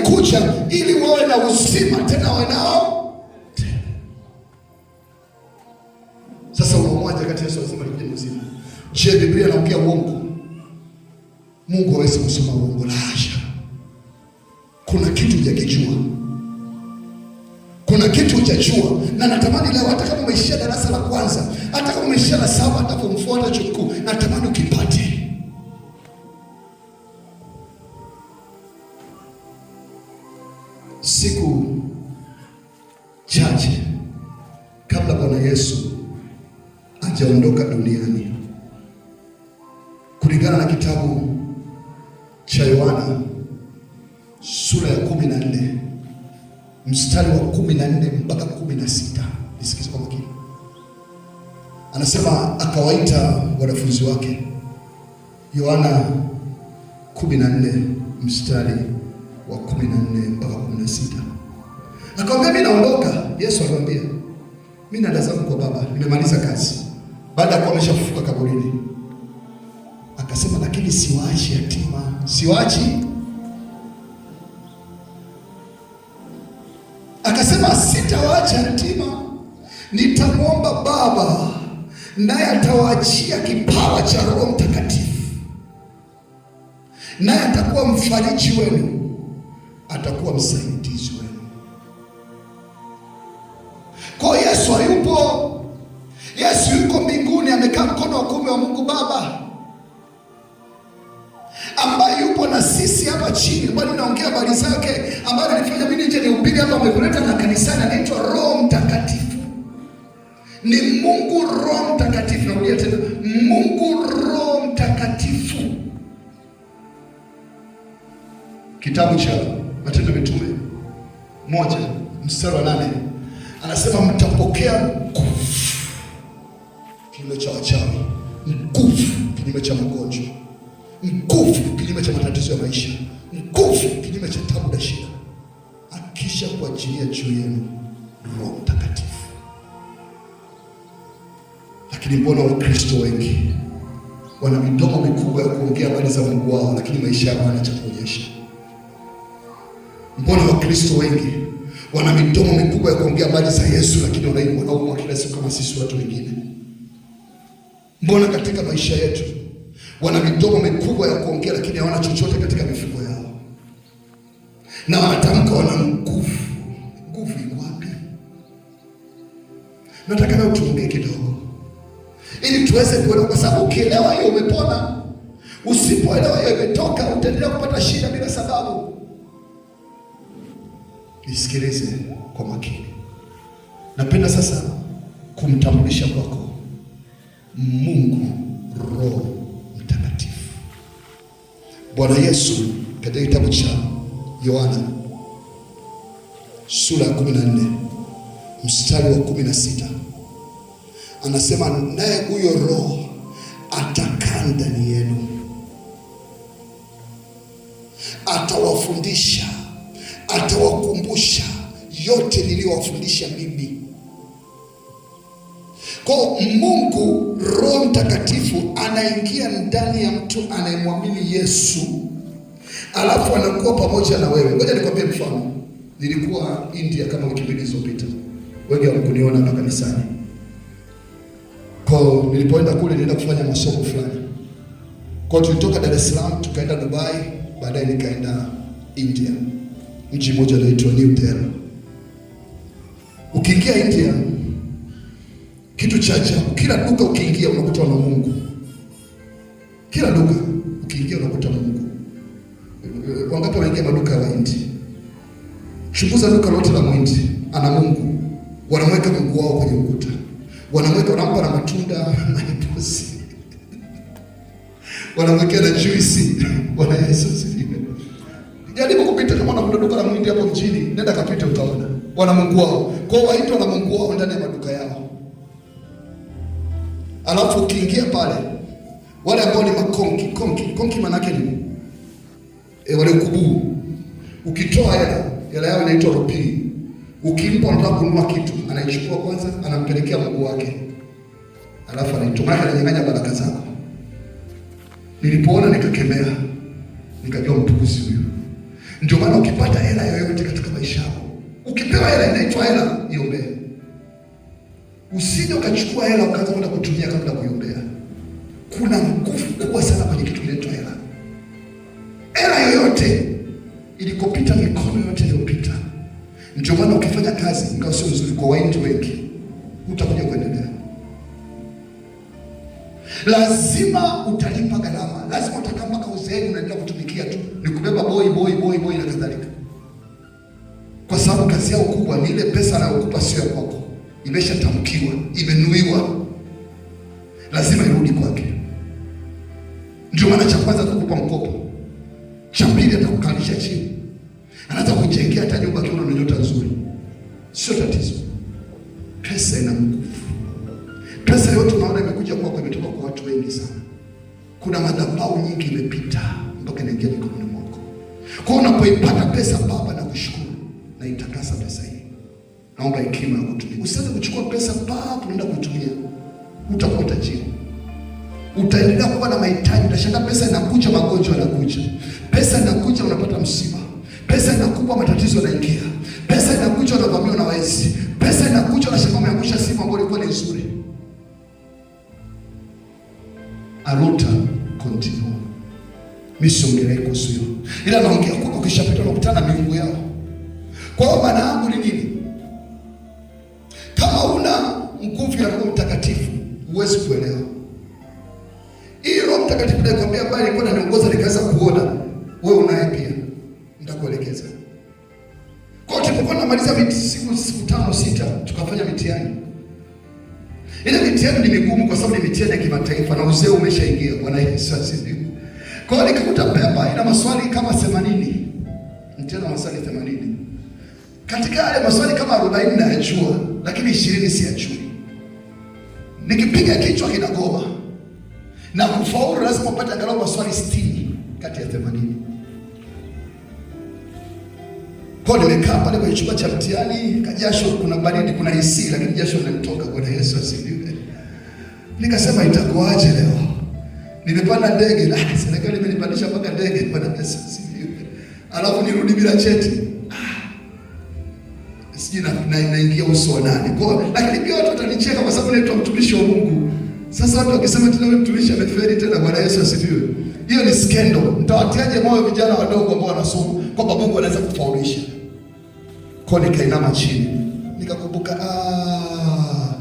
kucha ili wawe na uzima tena wanao tena. Sasa unamoja kati ya uzima ni uzima. Je, Biblia inaongea uongo? Mungu hawezi kusema uongo, la hasha. Kuna kitu hujakijua, kuna kitu hujajua, na natamani leo hata kama umeishia darasa la kwanza, hata kama umeishia la saba, hata form four, hata chuo kikuu, natamani siku chache kabla Bwana Yesu ajaondoka duniani, kulingana na kitabu cha Yohana sura ya kumi na nne mstari wa kumi na nne mpaka kumi na sita nisikize kwa makini. Anasema akawaita wanafunzi wake, Yohana kumi na nne mstari wa kumi na nne mpaka kumi na sita akamwambia mi naondoka. Yesu alimwambia mi naenda zangu kwa Baba, nimemaliza kazi, baada ya kuwa ameshafufuka kaburini. Akasema lakini siwaachi yatima, siwaachi. Akasema sitawaacha yatima, nitamwomba Baba naye atawaachia kipawa cha Roho Mtakatifu, naye atakuwa mfariji wenu atakuwa msaidizi wenu. Kwa Yesu hayupo, Yesu yuko mbinguni, amekaa mkono wa kuume wa Mungu Baba ambaye yupo na sisi hapa chini, bali naongea habari zake, ambaye alifanya mimi nje nihubiri hapa, amekuleta na kanisani, anaitwa Roho Mtakatifu. Ni Mungu Roho Mtakatifu, narudia tena, Mungu Roho Mtakatifu. Kitabu cha moja mstari wa nane anasema mtapokea nguvu kinyume cha wachawi, nguvu kinyume cha magonjwa, nguvu kinyume cha matatizo ya maisha, nguvu kinyume cha tabu na shida, akisha kuachilia juu yenu Roho Mtakatifu. Lakini mbona Wakristo wengi wana midomo mikubwa ya kuongea habari za Mungu wao, lakini maisha yao hana cha kuonyesha? Mbona Wakristo wengi wana midomo mikubwa ya kuongea habari za Yesu, lakini wanaumwa kila siku kama sisi watu wengine. Mbona katika maisha yetu wana midomo mikubwa ya kuongea, lakini hawana chochote katika mifuko yao, na wanatamka wana nguvu. Nguvu iko wapi? Nataka na tuongee kidogo, ili tuweze kuelewa, kwa sababu ukielewa hiyo umepona. Usipoelewa hiyo imetoka, utaendelea kupata shida bila sababu nisikilize kwa makini. Napenda sasa kumtambulisha kwako Mungu Roho Mtakatifu. Bwana Yesu katika kitabu cha Yohana sura ya 14 mstari wa 16 anasema, naye huyo Roho atakaa ndani yenu, atawafundisha atawa kuwakumbusha yote niliyowafundisha mimi. Kwa Mungu Roho Mtakatifu anaingia ndani ya mtu anayemwamini Yesu, alafu anakuwa pamoja na wewe. Ngoja nikwambie mfano. Nilikuwa India kama wiki mbili zilizopita, wengi hawakuniona na kanisani. Kwa nilipoenda kule, nienda kufanya masomo fulani. Kwa tulitoka Dar es Salaam tukaenda Dubai, baadaye nikaenda India nchi moja inaitwa New Delhi. Ukiingia India, kitu cha ajabu, kila duka ukiingia unakuta na Mungu, kila duka ukiingia na Mungu. Wangapi wanaingia maduka ya Wahindi? Chunguza duka lote la Mwindi, ana Mungu. Wanamweka Mungu wao kwenye ukuta, wanamweka, wanampa na matunda na wanamwekea na juisi. Bwana Yesu karibu kupita kama unakuta duka la mwindi hapo mjini, nenda kapita utaona. Wana Mungu wao. Kwa hiyo waitwa na Mungu wao ndani ya maduka yao. Alafu ukiingia pale wale ambao ni makonki, konki, konki maana yake ni e, wale kubuu. Ukitoa hela, hela yao inaitwa rupii. Ukimpa unataka kununua kitu, anaichukua kwanza, anampelekea Mungu wake. Alafu anaitumia ananyang'anya baraka zako. Nilipoona nikakemea, nikajua mpuuzi huyu. Ndio maana ukipata hela yoyote katika maisha yako, ukipewa hela inaitwa hela, iombee. Usije ukachukua hela ukaanza kwenda kutumia kabla kuiombea. Kuna nguvu kubwa sana kwenye kitu kinaitwa hela. Hela yoyote ilikopita, mikono yote iliyopita. Ndio maana ukifanya kazi ingawa sio nzuri kwa waindi wengi, utakuja kuendelea. Lazima utalipa gharama, lazima utakaa mpaka uzeeni unaendelea kutumia pesa anayokupa sio yako, imeshatamkiwa, imenuiwa, lazima irudi kwake. Ndio maana cha kwanza atakupa mkopo, cha pili atakukalisha chini, anaweza kujengea hata nyumba kiona na nyota nzuri, sio tatizo. Pesa ina nguvu. Pesa yote unaona imekuja kwako, imetoka kwa watu wengi sana. Kuna madhabahu nyingi imepita mpaka inaingia mikononi mwako. Kwa hiyo unapoipata pesa, Baba nakushukuru, naitakasa pesa hii. Naomba hekima ya kutumia. Usianze kuchukua pesa papo unaenda kutumia, utakuwa tajiri, utaendelea kuwa na mahitaji. Utashanga pesa inakuja, magonjwa yanakuja, pesa inakuja, unapata msiba, pesa inakupa, matatizo yanaingia, pesa inakuja, unavamiwa na waezi, pesa inakuja, unashangaa umeangusha simu ambayo ilikuwa ni nzuri. Aruta continue. mi siongelei kuhusu hilo, ila naongea, ukishapita unakutana na miungu yao. Kwa hiyo maana yangu ni nini? nguvu ya Roho Mtakatifu huwezi kuelewa. Hii Roho Mtakatifu nakwambia, bali ilikuwa inaniongoza nikaweza kuona. Wewe unaye pia, nitakuelekeza kwa. Tulipokuwa tunamaliza siku siku tano sita, tukafanya mitihani. Ile mitihani ni migumu, kwa sababu ni mitihani ya kimataifa na uzee umeshaingia. Bwana Yesu asifiwe. Kwa hiyo nikakuta pepa ina maswali kama 80 mtihani wa maswali 80 katika yale maswali kama 40 na nayajua, lakini 20 si siyajui nikipiga kichwa kinagoma, na kufaulu lazima upate angalau maswali sitini kati ya themanini. Kwa nimekaa pale kwenye chumba cha mtihani, kajasho, kuna baridi, kuna hisi, lakini jasho linamtoka. Bwana Yesu asifiwe. Nikasema itakuwaje leo? Nimepanda ndege, serikali imenipandisha mpaka ndege. Bwana Yesu asifiwe, alafu nirudi bila cheti sijui naingia na uso wa nani kwa, lakini pia watu watanicheka kwa sababu naitwa mtumishi wa Mungu. Sasa watu wakisema tena wewe mtumishi amefeli tena, Bwana Yesu asifiwe. Hiyo ni scandal. Mtawatiaje moyo vijana wadogo ambao wanasoma kwamba Mungu anaweza kufaulisha? Kwa nikainama chini nikakumbuka, ah,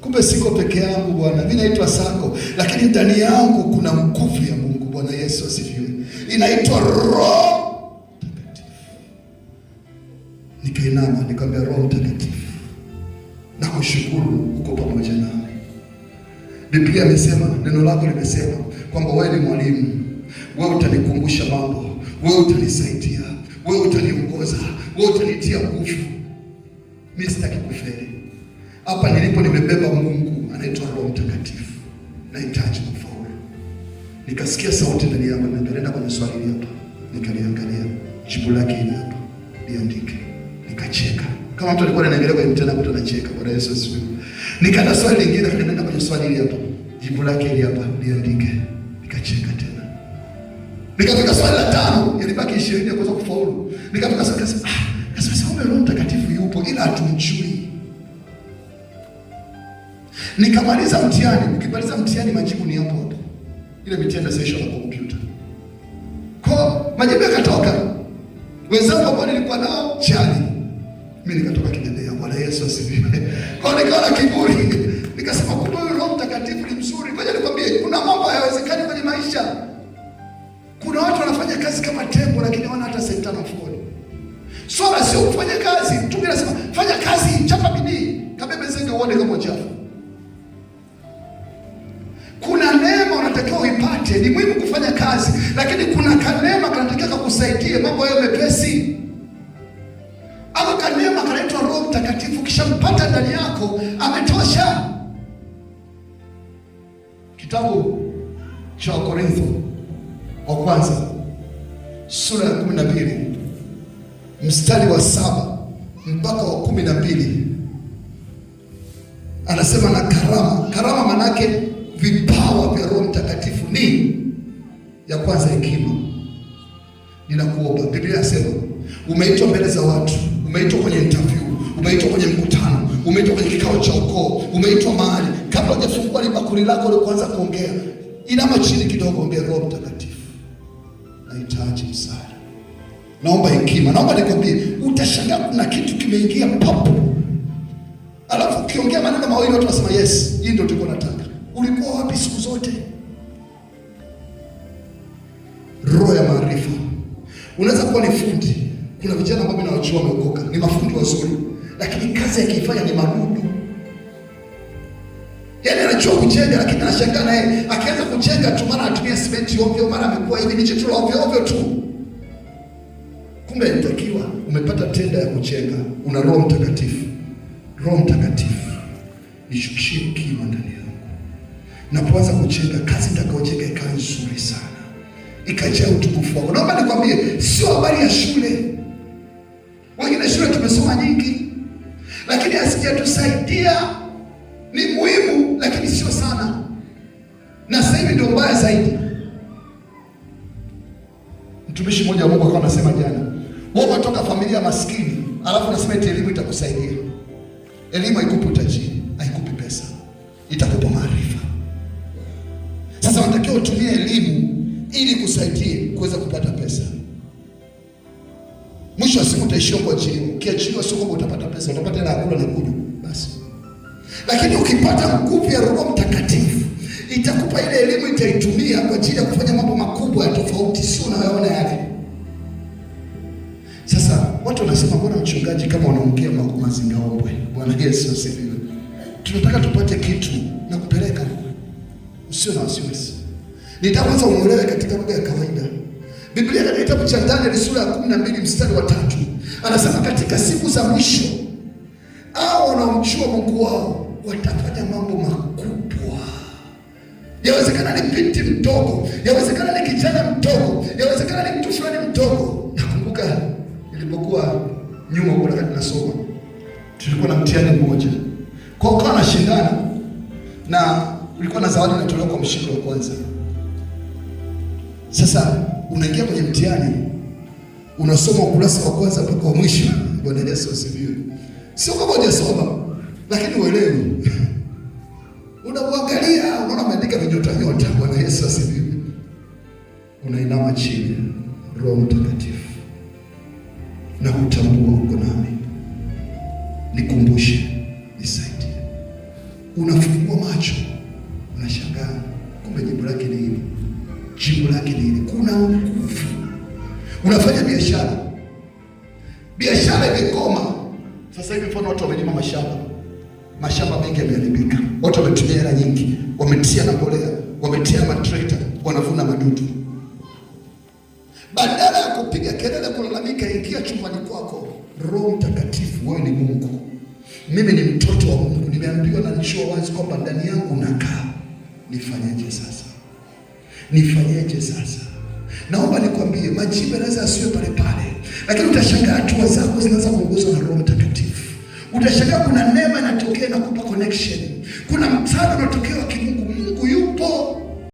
kumbe siko peke yangu Bwana, mimi naitwa Sako, lakini ndani yangu kuna nguvu ya Mungu. Bwana Yesu asifiwe. Inaitwa roho nikainama nikamwambia Roho Mtakatifu, na kushukuru uko pamoja nami. Biblia imesema, neno lako limesema kwamba wewe ni mwalimu, wewe utanikumbusha mambo, wewe utanisaidia, wewe utaniongoza, wewe utanitia nguvu. Mimi sitaki kufeli. Hapa nilipo nimebeba Mungu anaitwa Roho Mtakatifu, nahitaji kufaulu. Nikasikia sauti ndani yangu, nikaenda kwenye Swahili hapa, nikaliangalia jibu lake hili hapa, liandike nikacheka kama mtu alikuwa anaangalia kwenye mtandao, mtu anacheka. Bwana Yesu asifiwe. Nikaenda swali lingine, nikaenda kwenye swali hili hapa, jibu lake hili hapa, niandike, nikacheka tena. Nikafika swali la tano, ilibaki ishirini ya kuweza kufaulu. Nikafika swali la sasa, ah, sasa ume Roho Mtakatifu yupo ila hatumjui. Nikamaliza mtihani, nikimaliza mtihani majibu ni hapo hapo. Ile mitihani ya session ya kompyuta. Kwa majibu yakatoka. Wenzangu ambao nilikuwa nao chali mimi nikatoka kidedea. Bwana Yesu asifiwe. Kwa nikaona kiburi, nikasema kumbe huyu Roho Mtakatifu ni mzuri. Ngoja nikwambie, kuna mambo hayawezekani kwenye maisha. Kuna watu wanafanya kazi kama tembo, lakini wana hata senti tano mfukoni. Swala sio kufanya kazi, Mtume nasema fanya kazi, chapa bidii, kabebe zenge uone kama uchafu. Kuna neema unatakiwa uipate, ni muhimu kufanya kazi, lakini kuna kanema kanatakiwa kakusaidie mambo hayo mepesi. ukishampata ndani yako ametosha. Kitabu cha Wakorintho wa kwanza sura ya kumi na mbili mstari wa saba mpaka wa kumi na mbili anasema na karama. Karama manake vipawa vya Roho Mtakatifu ni ya kwanza hekima. Ninakuomba, Biblia inasema umeitwa mbele za watu, umeitwa kwenye interview umeitwa kwenye mkutano, umeitwa kwenye kikao cha ukoo, umeitwa mahali. Kabla hujafungua ile bakuli lako na kuanza kuongea, inama chini kidogo, ongea Roho Mtakatifu, nahitaji msaada, naomba hekima, naomba nikwambie. Utashangaa kuna kitu kimeingia papo, alafu ukiongea maneno mawili watu wasema yes, hii ndio tulikuwa nataka. Ulikuwa wapi siku zote? Roho ya maarifa. Unaweza kuwa ni fundi. Kuna vijana ambao nawachua wameokoka, ni mafundi wazuri lakini kazi akiifanya ni madudu. Yani anajua kujenga, lakini anashangaa naye akianza kujenga tu, mara anatumia simenti ovyo, mara amekuwa hivi miche tu ovyo ovyo tu. Kumbe inatakiwa umepata tenda ya kujenga, una Roho Mtakatifu. Roho Mtakatifu, nishukishie ukimya ndani yangu, napoanza kujenga kazi nitakaojenga ikawe nzuri sana ikajaa utukufu wako. Naomba nikwambie, sio habari ya shule. Wengine shule tumesoma nyingi lakini asijatusaidia. Ni muhimu lakini sio sana, na sasa hivi ndio mbaya zaidi. Mtumishi mmoja wa Mungu akawa anasema jana, wewe unatoka familia maskini, alafu unasema eti elimu itakusaidia. Elimu haikupi utajiri, haikupi pesa, itakupa maarifa. Sasa unatakiwa utumie elimu ili kusaidie kuweza kupata pesa. Mwisho wa siku utaishia kuachiliwa. Ukiachiliwa sio kwamba utapata pesa, utapata hela kula na kunywa basi. Lakini ukipata nguvu ya Roho Mtakatifu itakupa ile elimu, itaitumia kwa ajili ya kufanya mambo makubwa ya tofauti, sio unayoona yale. Sasa watu wanasema, mbona mchungaji kama unaongea mazingaombwe? Bwana Yesu asifiwe. Tunataka tupate kitu na kupeleka, usio na wasiwasi. Nitaanza umuelewe katika lugha ya kawaida. Biblia katika kitabu cha Danieli sura ya 12 mstari wa tatu anasema katika siku za mwisho hao wanaomjua Mungu wao watafanya mambo makubwa. Yawezekana ni binti mdogo, yawezekana ni kijana mdogo, yawezekana ni mtu fulani mdogo. Nakumbuka nilipokuwa nyuma kwa wakati nasoma, tulikuwa na mtihani mmoja, kwa na shindana na ulikuwa na zawadi inatolewa kwa mshindi wa kwanza. Sasa unaingia kwenye mtihani, unasoma ukurasa wa kwanza mpaka wa mwisho. Bwana Yesu asifiwe. Sio kama hujasoma, lakini uelewe Unapoangalia unaona ameandika vinyota nyota. Bwana Yesu asifiwe. Unainama chini, Roho Mtakatifu na kutambua uko nami, nikumbushe, nisaidie. Unafungua macho, unashangaa kumbe jibu lake ni hili. Jibu lake ni hili, kuna nguvu. Unafanya biashara, biashara imekoma. Sasa hivi mfano watu wamelima mashamba, mashamba mengi yameharibika, watu wametumia hela nyingi, wametia na mbolea, wametia matrekta, wanavuna madudu. Badala ya kupiga kelele, kulalamika, ingia chumbani kwako. Roho Mtakatifu, wewe ni Mungu, mimi ni mtoto wa Mungu, nimeambiwa na nishua wazi kwamba ndani yangu unakaa, nifanyeje sasa? nifanyeje sasa? Naomba nikwambie majibu yanaweza asiwe pale pale, lakini utashangaa hatua zako zinaweza kuongozwa na Roho Mtakatifu. Utashangaa kuna neema inatokea na kupa connection, kuna msaada unatokea wa kimungu.